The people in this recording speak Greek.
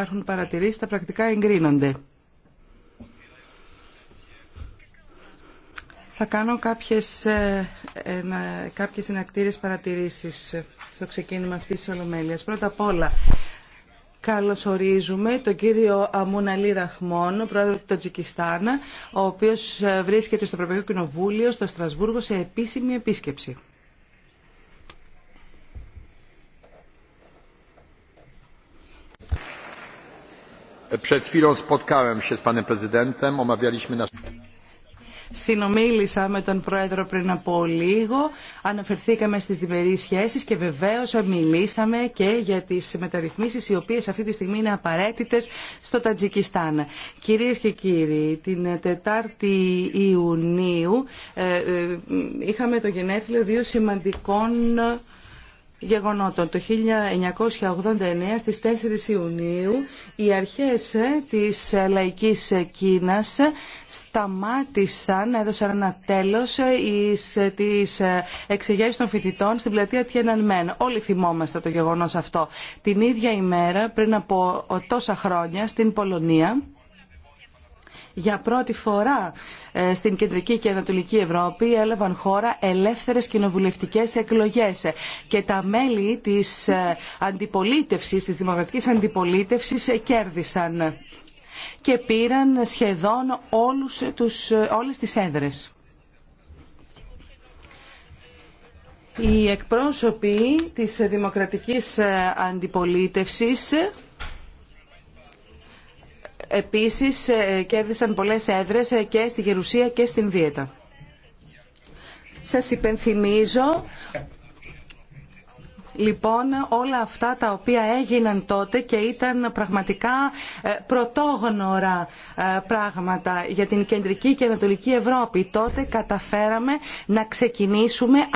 υπάρχουν παρατηρήσεις, τα πρακτικά εγκρίνονται. Θα κάνω κάποιες, ενα, κάποιες συνακτήρες παρατηρήσεις στο ξεκίνημα αυτής της ολομέλειας. Πρώτα απ' όλα, καλωσορίζουμε τον κύριο Αμουναλή Ραχμόν, πρόεδρο του Τατζικιστάν, ο οποίος ε, βρίσκεται στο Ευρωπαϊκό Κοινοβούλιο, στο Στρασβούργο, σε επίσημη επίσκεψη. Συνομίλησα με τον Πρόεδρο πριν από λίγο, αναφερθήκαμε στις διμερείς σχέσεις και βεβαίως μιλήσαμε και για τις μεταρρυθμίσεις οι οποίες αυτή τη στιγμή είναι απαραίτητες στο Τατζικιστάν. Κυρίες και κύριοι, την 4η Ιουνίου ε, ε, είχαμε το γενέθλιο δύο σημαντικών γεγονότων. Το 1989 στις 4 Ιουνίου οι αρχές ε, της ε, λαϊκής ε, Κίνας σταμάτησαν, έδωσαν ένα τέλος της εξεγέρσεις των φοιτητών στην πλατεία Τιέναν Όλοι θυμόμαστε το γεγονός αυτό. Την ίδια ημέρα πριν από τόσα χρόνια στην Πολωνία για πρώτη φορά ε, στην Κεντρική και Ανατολική Ευρώπη έλαβαν χώρα ελεύθερες κοινοβουλευτικές εκλογές και τα μέλη της ε, αντιπολίτευσης, της δημοκρατικής αντιπολίτευσης ε, κέρδισαν και πήραν σχεδόν όλους τους, όλες τις έδρες. Οι εκπρόσωποι της δημοκρατικής αντιπολίτευσης Επίσης ε, κέρδισαν πολλές έδρες ε, και στη Γερουσία και στην Δίαιτα. Σας υπενθυμίζω λοιπόν όλα αυτά τα οποία έγιναν τότε και ήταν πραγματικά ε, πρωτόγνωρα πράγματα για την κεντρική και ανατολική Ευρώπη. Τότε καταφέραμε να ξεκινήσουμε